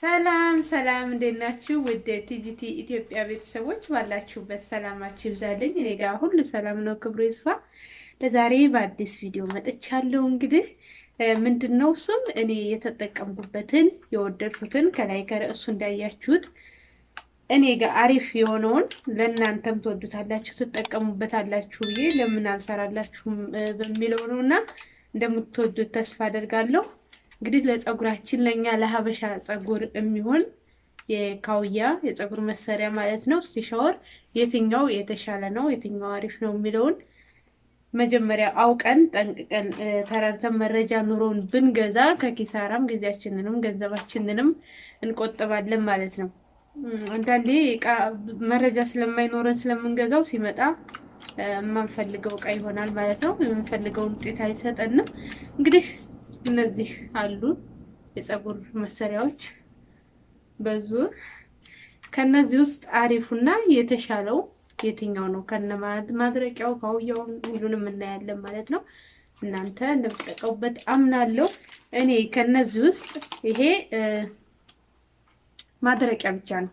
ሰላም ሰላም፣ እንዴት ናችሁ? ውድ ቲጂቲ ኢትዮጵያ ቤተሰቦች ባላችሁበት ሰላማችሁ ይብዛልኝ። እኔ ጋር ሁሉ ሰላም ነው፣ ክብሩ ይስፋ። ለዛሬ በአዲስ ቪዲዮ መጥቻለሁ። እንግዲህ ምንድን ነው እሱም እኔ የተጠቀምኩበትን የወደድኩትን ከላይ ከርዕሱ እንዳያችሁት እኔ ጋር አሪፍ የሆነውን ለእናንተም ትወዱታላችሁ፣ ትጠቀሙበታላችሁ ብዬ ለምን አልሰራላችሁም በሚለው ነው እና እንደምትወዱት ተስፋ አደርጋለሁ። እንግዲህ ለፀጉራችን ለእኛ ለሀበሻ ፀጉር የሚሆን የካውያ የፀጉር መሰሪያ ማለት ነው። እስቲ ሻወር የትኛው የተሻለ ነው፣ የትኛው አሪፍ ነው የሚለውን መጀመሪያ አውቀን ጠንቅቀን ተረድተን መረጃ ኑሮውን ብንገዛ ከኪሳራም ጊዜያችንንም ገንዘባችንንም እንቆጥባለን ማለት ነው። አንዳንዴ እቃ መረጃ ስለማይኖረን ስለምንገዛው ሲመጣ የማንፈልገው እቃ ይሆናል ማለት ነው። የምንፈልገውን ውጤት አይሰጠንም እንግዲህ እነዚህ አሉ የፀጉር መሰሪያዎች በዙ። ከነዚህ ውስጥ አሪፉና የተሻለው የትኛው ነው? ከነ ማድረቂያው ካውያው ሁሉንም እናያለን ማለት ነው። እናንተ እንደምትጠቀሙበት አምናለሁ። እኔ ከነዚህ ውስጥ ይሄ ማድረቂያ ብቻ ነው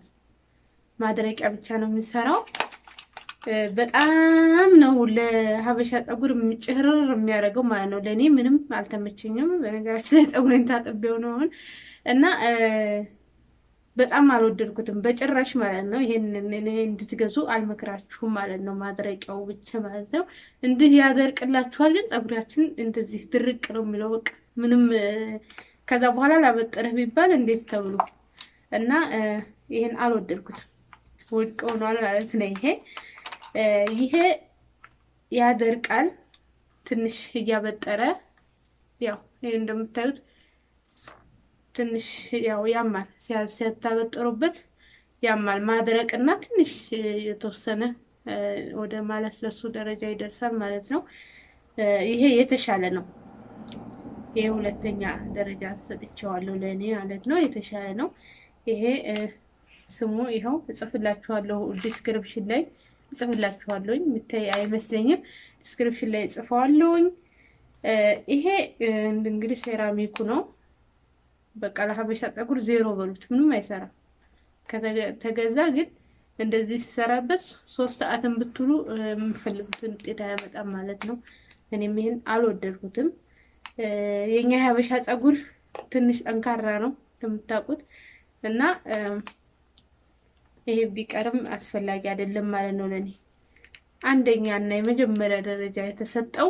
ማድረቂያ ብቻ ነው የሚሰራው። በጣም ነው ለሀበሻ ፀጉር ጭህርር የሚያደርገው ማለት ነው። ለእኔ ምንም አልተመቸኝም። በነገራችን ላይ ፀጉሬን ታጥቤው ነው አሁን እና በጣም አልወደድኩትም በጭራሽ ማለት ነው። ይሄን እንድትገዙ አልመክራችሁም ማለት ነው። ማድረቂያው ብቻ ማለት ነው። እንዲህ ያደርቅላችኋል፣ ግን ፀጉራችን እንደዚህ ድርቅ ነው የሚለው በቃ ምንም ከዛ በኋላ ላበጠረህ ቢባል እንዴት ተብሎ እና ይሄን አልወደድኩትም። ውድቅ ሆኗል ማለት ነው ይሄ ይሄ ያደርቃል ትንሽ እያበጠረ ያው ይሄ እንደምታዩት ትንሽ ያው ያማል። ሲያታበጥሩበት ያማል። ማድረቅና ትንሽ የተወሰነ ወደ ማለስለሱ ደረጃ ይደርሳል ማለት ነው። ይሄ የተሻለ ነው። ይሄ ሁለተኛ ደረጃ ሰጥቼዋለሁ ለእኔ ማለት ነው። የተሻለ ነው። ይሄ ስሙ ይኸው እጽፍላችኋለሁ ዲስክሪፕሽን ላይ ጽፍላችኋለሁኝ የምታይ አይመስለኝም። ዲስክሪፕሽን ላይ ጽፈዋለሁኝ። ይሄ እንግዲህ ሴራሚኩ ነው። በቃ ለሀበሻ ፀጉር ዜሮ በሉት ምንም አይሰራም። ከተገዛ ግን እንደዚህ ሲሰራበት ሶስት ሰዓትን ብትሉ የምፈልጉትን ውጤት አያመጣም ማለት ነው። እኔም ይህን አልወደድኩትም። የኛ የሀበሻ ፀጉር ትንሽ ጠንካራ ነው እንደምታውቁት እና ይሄ ቢቀርም አስፈላጊ አይደለም ማለት ነው። ለኔ አንደኛ እና የመጀመሪያ ደረጃ የተሰጠው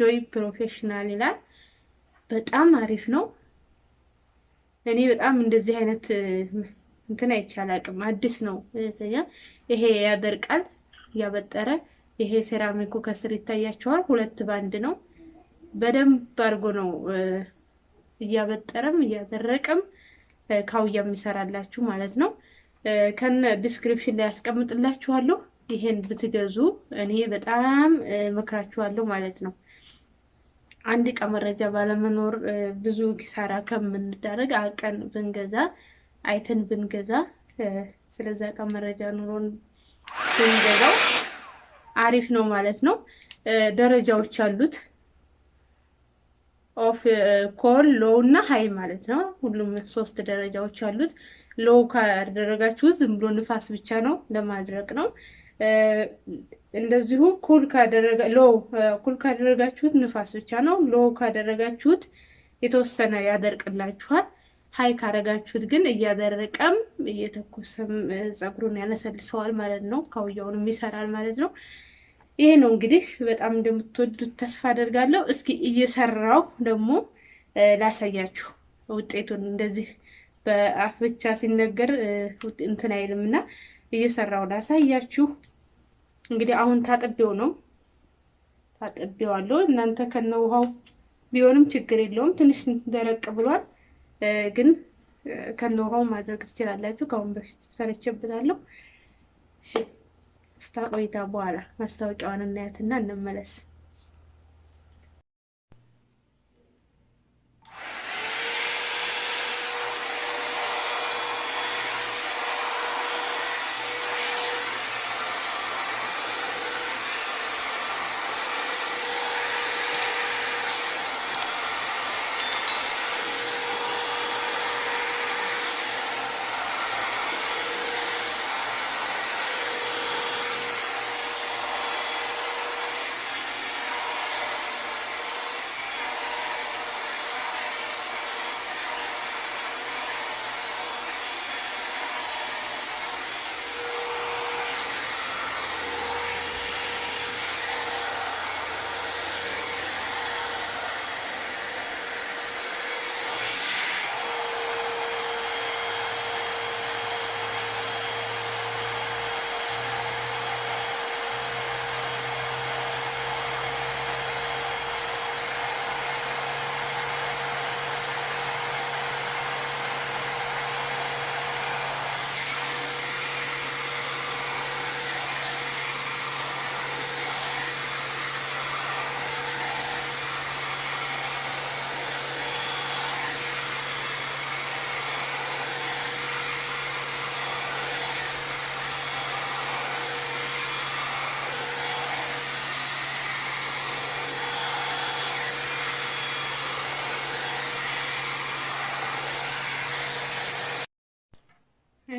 ጆይ ፕሮፌሽናል ይላል። በጣም አሪፍ ነው። እኔ በጣም እንደዚህ አይነት እንትን አይቻል አቅም አዲስ ነው። ይሄ ያደርቃል ያበጠረ ይሄ ሴራሚኩ ከስር ይታያቸዋል። ሁለት ባንድ ነው። በደንብ አድርጎ ነው እያበጠረም እያደረቀም ካውያ የሚሰራላችሁ ማለት ነው። ከነ ዲስክሪፕሽን ላይ ያስቀምጥላችኋለሁ። ይሄን ብትገዙ እኔ በጣም መክራችኋለሁ ማለት ነው። አንድ ዕቃ መረጃ ባለመኖር ብዙ ኪሳራ ከምንዳረግ አቀን ብንገዛ አይተን ብንገዛ ስለዛ ዕቃ መረጃ ኑሮን ብንገዛው አሪፍ ነው ማለት ነው። ደረጃዎች አሉት ኦፍ ኮል ሎው እና ሀይ ማለት ነው። ሁሉም ሶስት ደረጃዎች አሉት። ሎው ካደረጋችሁት ዝም ብሎ ንፋስ ብቻ ነው ለማድረቅ ነው። እንደዚሁ ኩል ሎው ኩል ካደረጋችሁት ንፋስ ብቻ ነው። ሎው ካደረጋችሁት የተወሰነ ያደርቅላችኋል። ሀይ ካደረጋችሁት ግን እያደረቀም እየተኮሰም ፀጉሩን ያለሰልሰዋል ማለት ነው። ካውያውንም ይሰራል ማለት ነው። ይሄ ነው እንግዲህ በጣም እንደምትወዱት ተስፋ አደርጋለሁ። እስኪ እየሰራው ደግሞ ላሳያችሁ ውጤቱን እንደዚህ በአፍ ብቻ ሲነገር እንትን አይልም እና እየሰራው ላሳያችሁ። እንግዲህ አሁን ታጥቤው ነው ታጥቤዋለሁ። እናንተ ከነ ውሃው ቢሆንም ችግር የለውም። ትንሽ ደረቅ ብሏል፣ ግን ከነ ውሃው ማድረግ ትችላላችሁ። ከአሁን በፊት ሰርቼበታለሁ። ፍታ ቆይታ በኋላ ማስታወቂያዋን እናያትና እንመለስ።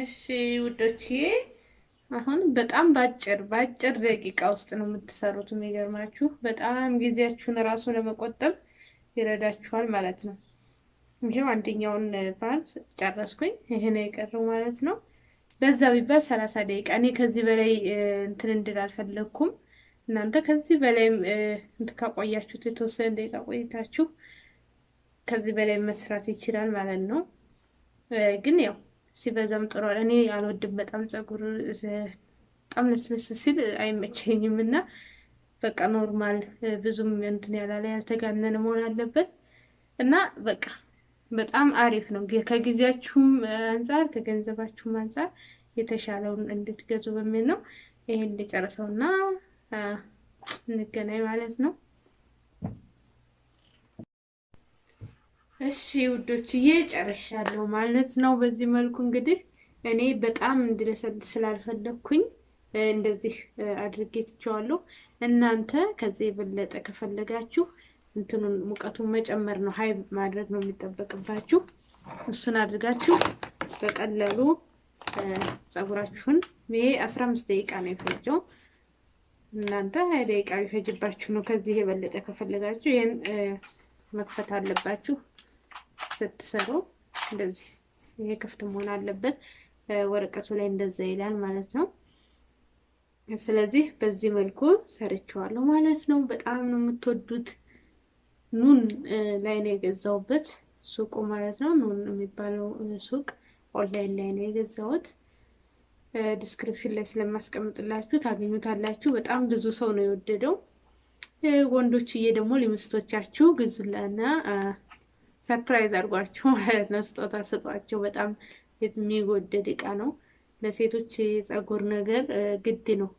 እሺ ውዶችዬ አሁን በጣም በአጭር በአጭር ደቂቃ ውስጥ ነው የምትሰሩት። የሚገርማችሁ በጣም ጊዜያችሁን እራሱ ለመቆጠብ ይረዳችኋል ማለት ነው። ይሄው አንደኛውን ፓርት ጨረስኩኝ። ይሄ ነው የቀረው ማለት ነው። በዛ ቢባል ሰላሳ ደቂቃ እኔ ከዚህ በላይ እንትን እንድል አልፈለግኩም። እናንተ ከዚህ በላይ እንትን ካቆያችሁት የተወሰነ ደቂቃ ቆይታችሁ ከዚህ በላይ መስራት ይችላል ማለት ነው ግን ያው ሲበዛም ጥሩ እኔ አልወድም። በጣም ፀጉር በጣም ለስለስ ሲል አይመቸኝም እና በቃ ኖርማል ብዙም እንትን ያላለ ያልተጋነነ መሆን አለበት እና በቃ በጣም አሪፍ ነው። ከጊዜያችሁም አንጻር ከገንዘባችሁም አንጻር የተሻለውን እንድትገዙ በሚል ነው ይሄን እንደጨረሰውና እንገናኝ ማለት ነው። እሺ ውዶችዬ ጨርሻለሁ ማለት ነው። በዚህ መልኩ እንግዲህ እኔ በጣም እንዲለሰልስ ስላልፈለግኩኝ እንደዚህ አድርጌ ትቼዋለሁ። እናንተ ከዚህ የበለጠ ከፈለጋችሁ እንትኑን ሙቀቱን መጨመር ነው፣ ሀይ ማድረግ ነው የሚጠበቅባችሁ። እሱን አድርጋችሁ በቀለሉ ፀጉራችሁን ይሄ አስራ አምስት ደቂቃ ነው የፈጀው። እናንተ ሀያ ደቂቃ ይፈጅባችሁ ነው። ከዚህ የበለጠ ከፈለጋችሁ ይህን መክፈት አለባችሁ። ስትሰሩ እንደዚህ ይሄ ክፍት መሆን አለበት። ወረቀቱ ላይ እንደዛ ይላል ማለት ነው። ስለዚህ በዚህ መልኩ ሰርቼዋለሁ ማለት ነው። በጣም ነው የምትወዱት። ኑን ላይ ነው የገዛውበት ሱቁ ማለት ነው። ኑን የሚባለው ሱቅ ኦንላይን ላይ ነው የገዛውት። ዲስክሪፕሽን ላይ ስለማስቀምጥላችሁ ታገኙታላችሁ። በጣም ብዙ ሰው ነው የወደደው። ወንዶችዬ ደግሞ ሊምስቶቻችሁ ግዙላና ሰርፕራይዝ አድርጓቸው ማለት ነው። ስጦታ ስጧቸው። በጣም የሚወደድ እቃ ነው። ለሴቶች የጸጉር ነገር ግድ ነው።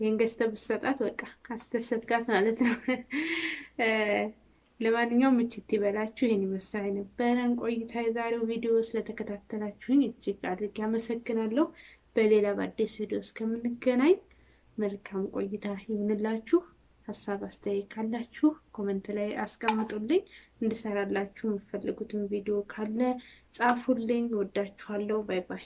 ይህን ገዝተህ ብትሰጣት በቃ አስደሰትካት ማለት ነው። ለማንኛውም ምችት ይበላችሁ። ይህን ይመስላል የነበረን ቆይታ። የዛሬው ቪዲዮ ስለተከታተላችሁኝ እጅግ አድርጌ አመሰግናለሁ። በሌላ በአዲስ ቪዲዮ እስከምንገናኝ መልካም ቆይታ ይሁንላችሁ። ሀሳብ አስተያየት ካላችሁ ኮመንት ላይ አስቀምጡልኝ። እንድሰራላችሁ የምትፈልጉትን ቪዲዮ ካለ ጻፉልኝ። ወዳችኋለሁ። ባይ ባይ።